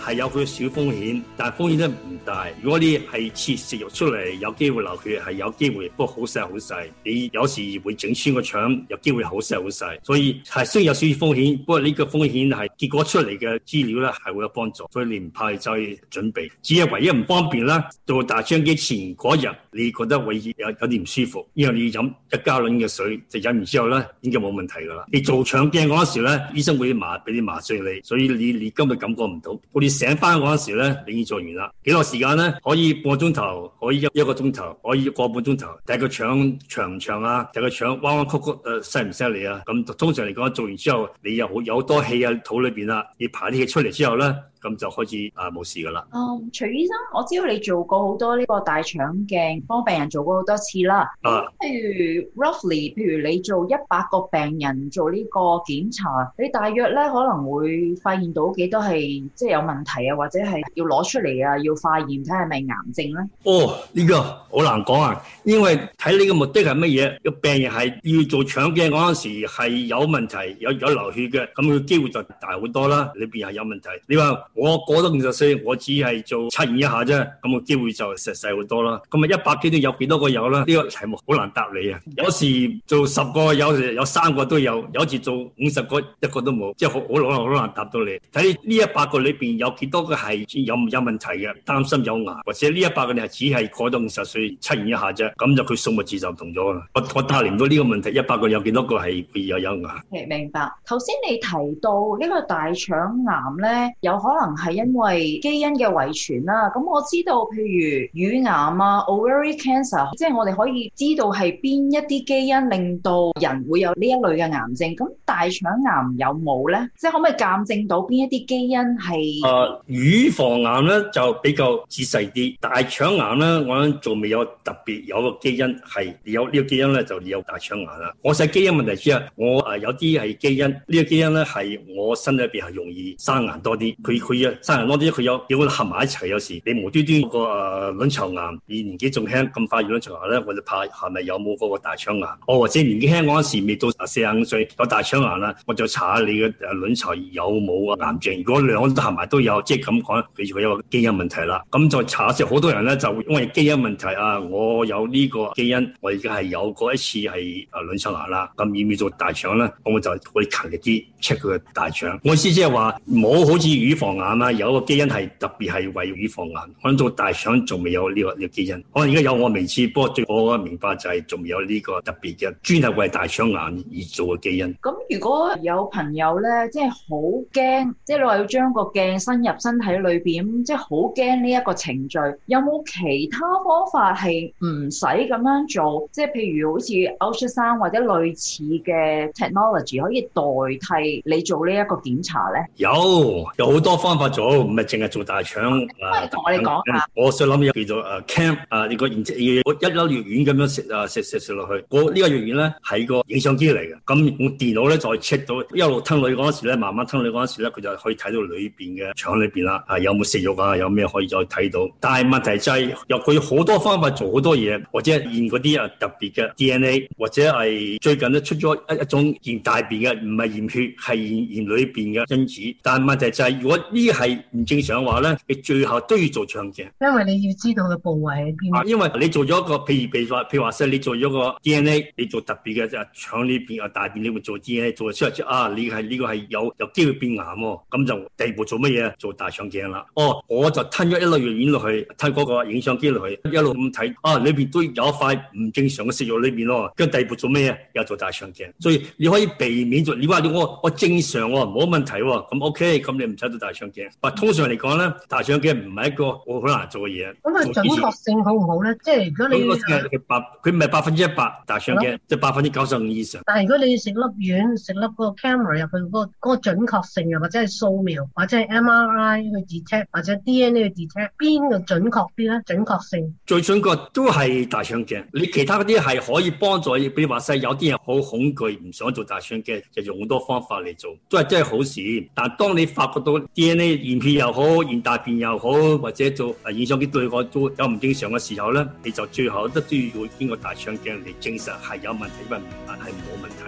係有佢小風險，但係風險都唔大。如果你係切食肉出嚟，有機會流血，係有機會，不過好細好細。你有時會整穿個腸，有機會好細好細。所以係雖然有少少風險，不過呢個風險係結果出嚟嘅資料咧係會有幫助。所以連排就係準備，只係唯一唔方便啦。到大腸鏡前嗰日，你覺得會有有啲唔舒服，然後你飲一加侖嘅水，就飲完之後咧已經冇問題㗎啦。你做腸鏡嗰時咧，醫生會麻俾啲麻醉你，所以你你根本感覺唔到。啲醒翻嗰時咧，你已做完啦。幾多時間咧？可以半個鐘頭，可以一一個鐘頭，可以一個半鐘頭。睇佢腸長唔長啊？睇佢腸彎彎曲曲誒，犀唔犀利啊？咁通常嚟講，做完之後你又好有，有多氣啊，肚裏邊啦、啊、你排啲氣出嚟之後咧。咁就開始啊冇事噶啦。嗯，uh, 徐醫生，我知道你做過好多呢個大腸鏡，幫病人做過好多次啦。啊，uh, 譬如 roughly，譬如你做一百個病人做呢個檢查，你大約咧可能會發現到幾多係即係有問題啊，或者係要攞出嚟啊，要化驗睇係咪癌症咧？哦，呢個好難講啊，因為睇你嘅目的係乜嘢。個病人係要做腸鏡嗰陣時係有問題，有有流血嘅，咁佢機會就大好多啦。你邊係有問題，你我過到五十歲，我只係做測驗一下啫，咁、那個機會就實細好多啦。咁啊，一百幾都有幾多個有啦。呢、這個題目好難答你啊！有時做十個，有時有三個都有；有時做五十個，一個都冇，即係好好難好難答到你。睇呢一百個裏邊有幾多個係有有問題嘅？擔心有癌，或者呢一百個你係只係過到五十歲測驗一下啫，咁就佢數目字就唔同咗啦。我我答唔到呢個問題，一百個有幾多個係會有有癌？誒，明白。頭先你提到呢個大腸癌咧，有可能。可能係因為基因嘅遺傳啦，咁我知道譬如乳癌啊、ovary cancer，即係我哋可以知道係邊一啲基因令到人會有呢一類嘅癌症。咁大腸癌有冇咧？即係可唔可以鑑證到邊一啲基因係？誒、呃，乳房癌咧就比較仔細啲，大腸癌咧我諗仲未有特別有個基因係有呢、這個基因咧就有大腸癌啦。我喺基因問題上，我誒、呃、有啲係基、這個、基因呢個基因咧係我身裏邊係容易生癌多啲，佢。佢生人多啲，佢有叫我合埋一齊。有時你無端端個誒卵巢癌，你年紀仲輕咁快有卵巢癌咧，我就怕係咪有冇嗰個大腸癌？我、oh, 或者年紀輕嗰陣時未到四十五歲有大腸癌啦，我就查下你嘅誒卵巢有冇啊癌症。如果兩個都合埋都有，即係咁講，佢有個基因問題啦。咁再查下，隻，好多人咧就會因為基因問題啊，我有呢個基因，我而家係有過一次係誒卵巢癌啦。咁要唔要做大腸咧？我咪就會勤力啲 check 佢大腸。我意思即係話冇好似乳房。嗯、有一個基因係特別係為為預防癌，可能到大腸仲未有呢個呢個基因，可能而家有我未知，不過最我嘅明白就係仲有呢個特別嘅專係為大腸癌而做嘅基因。咁如果有朋友咧，即係好驚，即係你話要將個鏡伸入身體裏邊，即係好驚呢一個程序，有冇其他方法係唔使咁樣做？即係譬如好似 Ultrasound 或者類似嘅 technology 可以代替你做呢一個檢查咧？有有好多方。方法做，唔係淨係做大腸。唔同我哋講我想諗入叫做誒 cam 啊，呢個現象嘅一粒藥丸咁樣食啊，食食食落去。我、這個、呢個藥丸咧係個影相機嚟嘅。咁、嗯、我電腦咧再 check 到一路吞落去嗰陣時咧，慢慢吞落去嗰陣時咧，佢就可以睇到裏邊嘅腸裏邊啦，係有冇瘜肉啊？有咩、啊、可以再睇到？但係問題就係、是，由佢好多方法做好多嘢，或者驗嗰啲啊特別嘅 DNA，或者係最近都出咗一一種驗大便嘅，唔係驗血，係驗驗裏邊嘅因子。但係問題就係，如果啲係唔正常嘅話咧，你最後都要做腸鏡，因為你要知道個部位喺邊。因為你做咗個譬，譬如譬如話，譬如話，你做咗個 DNA，你做特別嘅即係腸呢邊啊大便呢邊做 DNA，做出之後啊，你係呢個係有有機會變癌喎，咁、嗯、就第二步做乜嘢？做大腸鏡啦。哦，我就吞咗一粒藥丸落去，吞嗰個影相機落去，一路咁睇，啊，裏邊都有一塊唔正常嘅瘜肉裏邊咯。跟住第二步做乜嘢？又做大腸鏡，所以你可以避免咗。你話我我正常喎、哦，冇問題喎、哦，咁、嗯、OK，咁、嗯、你唔使做大腸。或通常嚟講咧，大腸鏡唔係一個好難做嘅嘢。咁佢準確性好唔好咧？即係如果你百佢唔係百分之一百大腸鏡，即係百分之九十五以上。但係如果你食粒丸、食粒個 camera 入去嗰個嗰個準確性，或者係掃描，或者係 MRI 去 detect，或者 DNA 去 detect，邊個準確啲咧？準確性最準確都係大腸鏡。你其他嗰啲係可以幫助，比如話曬有啲人好恐懼，唔想做大腸鏡，就用好多方法嚟做，都係真係好事。但係當你發覺到 DNA 你驗片又好，驗大便又好，或者做啊影像對我都有唔正常嘅時候咧，你就最後都都要經過大腸鏡嚟證實係有問題，因為唔但係冇問題。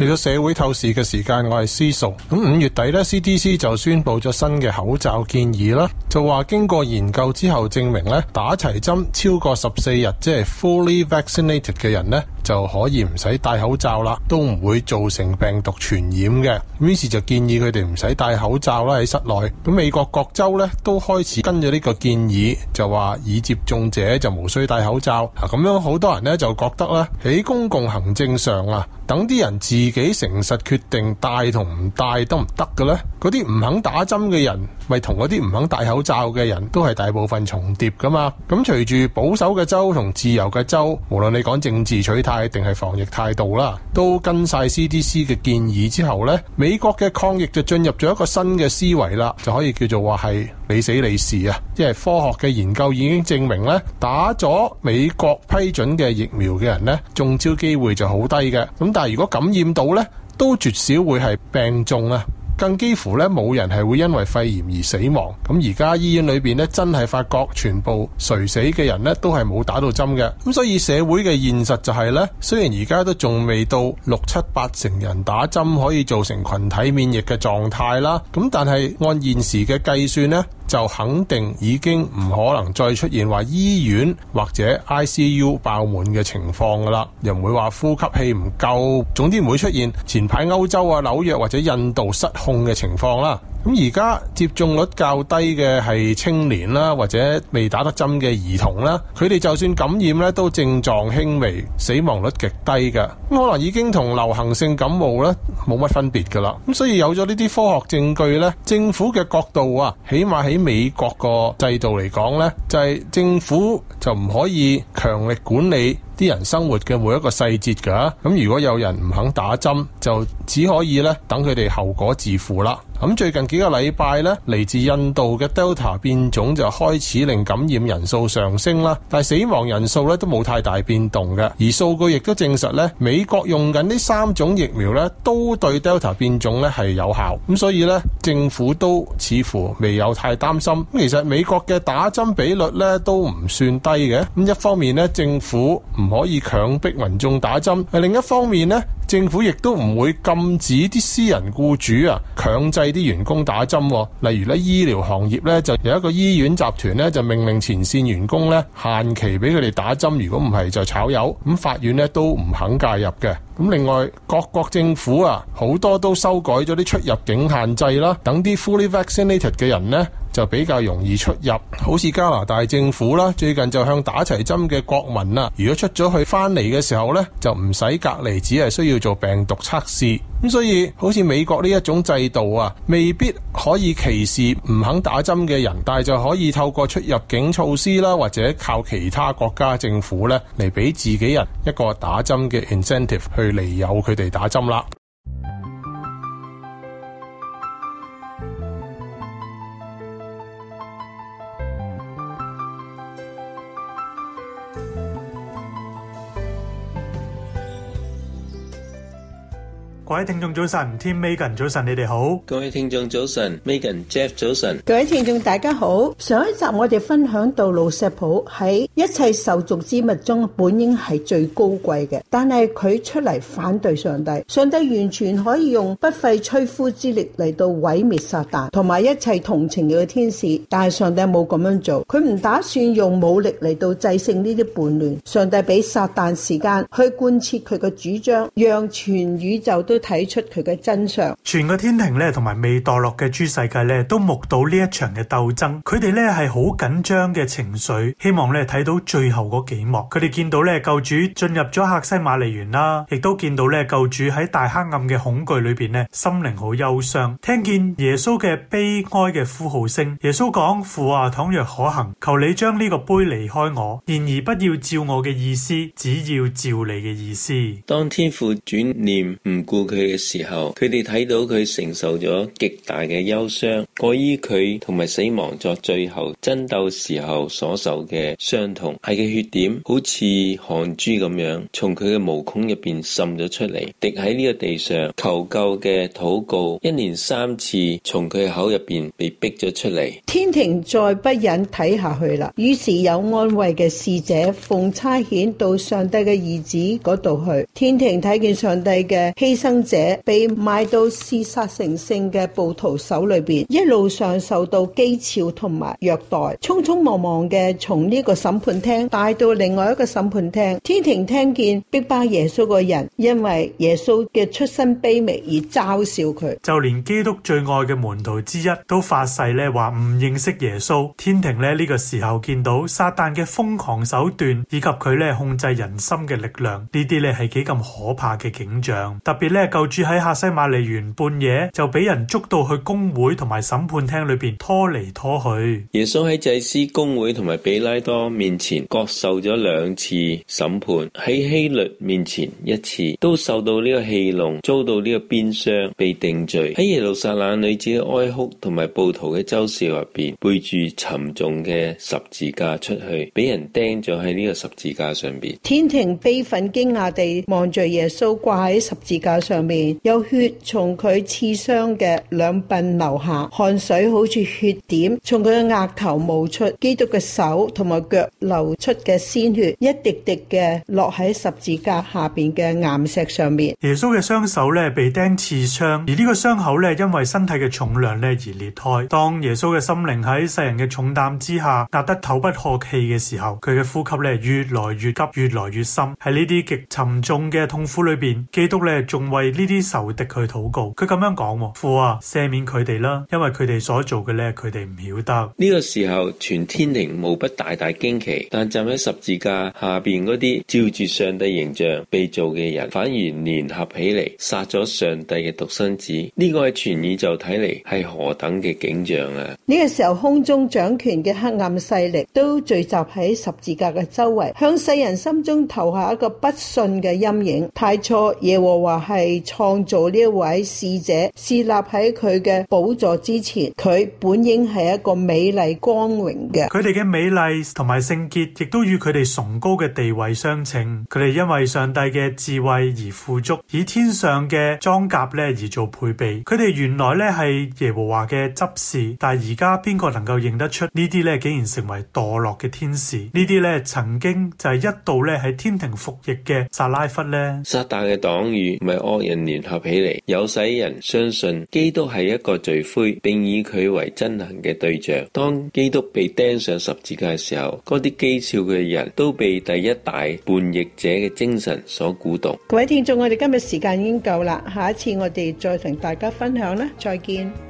嚟到社會透視嘅時間，我係私素。咁五月底咧，CDC 就宣布咗新嘅口罩建議啦，就話經過研究之後證明咧，打齊針超過十四日，即係 fully vaccinated 嘅人咧。就可以唔使戴口罩啦，都唔會造成病毒傳染嘅。於是就建議佢哋唔使戴口罩啦喺室內，咁美國各州呢都開始跟咗呢個建議，就話已接種者就無需戴口罩。啊，咁樣好多人呢就覺得呢喺公共行政上啊，等啲人自己誠實決定戴同唔戴都唔得嘅咧。嗰啲唔肯打針嘅人，咪同嗰啲唔肯戴口罩嘅人都係大部分重疊噶嘛。咁隨住保守嘅州同自由嘅州，無論你講政治取態。定係防疫態度啦，都跟晒 CDC 嘅建議之後呢，美國嘅抗疫就進入咗一個新嘅思維啦，就可以叫做話係你死你事啊！因為科學嘅研究已經證明呢，打咗美國批准嘅疫苗嘅人呢，中招機會就好低嘅。咁但係如果感染到呢，都絕少會係病重啊。更幾乎咧冇人係會因為肺炎而死亡。咁而家醫院裏面咧，真係發覺全部垂死嘅人咧，都係冇打到針嘅。咁所以社會嘅現實就係、是、咧，雖然而家都仲未到六七八成人打針可以造成群體免疫嘅狀態啦。咁但係按現時嘅計算咧。就肯定已經唔可能再出現話醫院或者 ICU 爆滿嘅情況噶啦，又唔會話呼吸器唔夠，總之唔會出現前排歐洲啊紐約或者印度失控嘅情況啦。咁而家接種率較低嘅係青年啦，或者未打得針嘅兒童啦，佢哋就算感染咧，都症狀輕微，死亡率極低㗎。可能已經同流行性感冒咧冇乜分別噶啦。咁所以有咗呢啲科學證據呢，政府嘅角度啊，起碼喺美國個制度嚟講呢，就係政府就唔可以強力管理啲人生活嘅每一個細節噶，咁如果有人唔肯打針，就只可以咧等佢哋後果自負啦。咁最近幾個禮拜咧，嚟自印度嘅 Delta 變種就開始令感染人數上升啦，但係死亡人數咧都冇太大變動嘅。而數據亦都證實咧，美國用緊呢三種疫苗咧都對 Delta 變種咧係有效。咁所以咧，政府都似乎未有太擔心。咁其實美國嘅打針比率咧都唔算低嘅。咁一方面咧，政府唔可以強迫民眾打針，係另一方面呢，政府亦都唔會禁止啲私人僱主啊，強制啲員工打針。例如咧，醫療行業呢，就有一個醫院集團呢，就命令前線員工呢，限期俾佢哋打針，如果唔係就炒魷。咁法院呢都唔肯介入嘅。咁另外，各國政府啊，好多都修改咗啲出入境限制啦，等啲 fully vaccinated 嘅人呢就比較容易出入，好似加拿大政府啦，最近就向打齊針嘅國民啦，如果出咗去翻嚟嘅時候呢，就唔使隔離，只係需要做病毒測試。咁所以，好似美國呢一種制度啊，未必可以歧視唔肯打針嘅人，但係就可以透過出入境措施啦，或者靠其他國家政府呢嚟俾自己人一個打針嘅 incentive，去嚟誘佢哋打針啦。各位聽眾早晨，Tim Megan 早晨，你哋好。各位聽眾早晨，Megan Jeff 早晨。各位聽眾大家好。上一集我哋分享到，路錫甫喺一切受造之物中本應係最高貴嘅，但係佢出嚟反對上帝。上帝完全可以用不費吹灰之力嚟到毀滅撒旦同埋一切同情嘅天使，但係上帝冇咁樣做。佢唔打算用武力嚟到制勝呢啲叛亂。上帝俾撒旦時間去貫徹佢嘅主張，讓全宇宙都。睇出佢嘅真相，全個天庭咧，同埋未墮落嘅諸世界咧，都目睹呢一場嘅鬥爭。佢哋咧係好緊張嘅情緒，希望咧睇到最後嗰幾幕。佢哋見到咧救主進入咗客西馬尼園啦，亦都見到咧救主喺大黑暗嘅恐懼裏邊咧，心靈好憂傷，聽見耶穌嘅悲哀嘅呼號聲。耶穌講：父啊，倘若可行，求你將呢個杯離開我，然而不要照我嘅意思，只要照你嘅意思。當天父轉念唔顧，佢嘅時候，佢哋睇到佢承受咗極大嘅憂傷，過於佢同埋死亡作最後爭鬥時候所受嘅傷痛，係嘅血點好似汗珠咁樣，從佢嘅毛孔入邊滲咗出嚟，滴喺呢個地上。求救嘅禱告一連三次，從佢口入邊被逼咗出嚟。天庭再不忍睇下去啦，於是有安慰嘅使者奉差遣到上帝嘅兒子嗰度去。天庭睇見上帝嘅犧牲。者被賣到嗜殺成性嘅暴徒手裏邊，一路上受到譏誚同埋虐待，匆匆忙忙嘅從呢個審判廳帶到另外一個審判廳。天庭聽見逼巴耶穌個人，因為耶穌嘅出身卑微而嘲笑佢，就連基督最愛嘅門徒之一都發誓咧話唔認識耶穌。天庭咧呢個時候見到撒旦嘅瘋狂手段以及佢咧控制人心嘅力量，呢啲咧係幾咁可怕嘅景象，特別咧。舊住喺客西馬利園，半夜就俾人捉到去公會同埋審判廳裏邊拖嚟拖去。耶穌喺祭司公會同埋比拉多面前，各受咗兩次審判。喺希律面前一次，都受到呢個戲弄，遭到呢個鞭傷，被定罪。喺耶路撒冷女子嘅哀哭同埋暴徒嘅周市入邊，背住沉重嘅十字架出去，俾人釘咗喺呢個十字架上邊。天庭悲憤驚訝地望着耶穌掛喺十字架上。上面有血從佢刺傷嘅兩鬢流下，汗水好似血點從佢嘅額頭冒出。基督嘅手同埋腳流出嘅鮮血，一滴滴嘅落喺十字架下邊嘅岩石上面。耶穌嘅雙手咧被釘刺傷，而這個呢個傷口咧因為身體嘅重量咧而裂開。當耶穌嘅心靈喺世人嘅重擔之下壓得透不過氣嘅時候，佢嘅呼吸咧越來越急，越來越深。喺呢啲極沉重嘅痛苦裏邊，基督咧仲為。為呢啲仇敵去禱告，佢咁樣講，父啊，赦免佢哋啦，因為佢哋所做嘅咧，佢哋唔曉得。呢個時候，全天庭無不大大驚奇，但站喺十字架下邊嗰啲照住上帝形象被造嘅人，反而聯合起嚟殺咗上帝嘅獨生子。呢、呢個係全宇宙睇嚟係何等嘅景象啊！呢個時候，空中掌權嘅黑暗勢力都聚集喺十字架嘅周圍，向世人心中投下一個不信嘅陰影，太錯耶和華係。被創造呢一位使者，設立喺佢嘅寶座之前。佢本應係一個美麗光榮嘅，佢哋嘅美麗同埋聖潔，亦都與佢哋崇高嘅地位相稱。佢哋因為上帝嘅智慧而富足，以天上嘅裝甲咧而做配備。佢哋原來咧係耶和華嘅執事，但係而家邊個能夠認得出呢啲咧竟然成為墮落嘅天使？呢啲咧曾經就係一度咧喺天庭服役嘅撒拉弗咧，撒但嘅黨羽唔係我。人聯合起嚟，有使人相信基督係一個罪魁，並以佢為憎恨嘅對象。當基督被釘上十字架嘅時候，嗰啲譏笑嘅人都被第一大叛逆者嘅精神所鼓動。各位聽眾，我哋今日時間已經夠啦，下一次我哋再同大家分享啦，再見。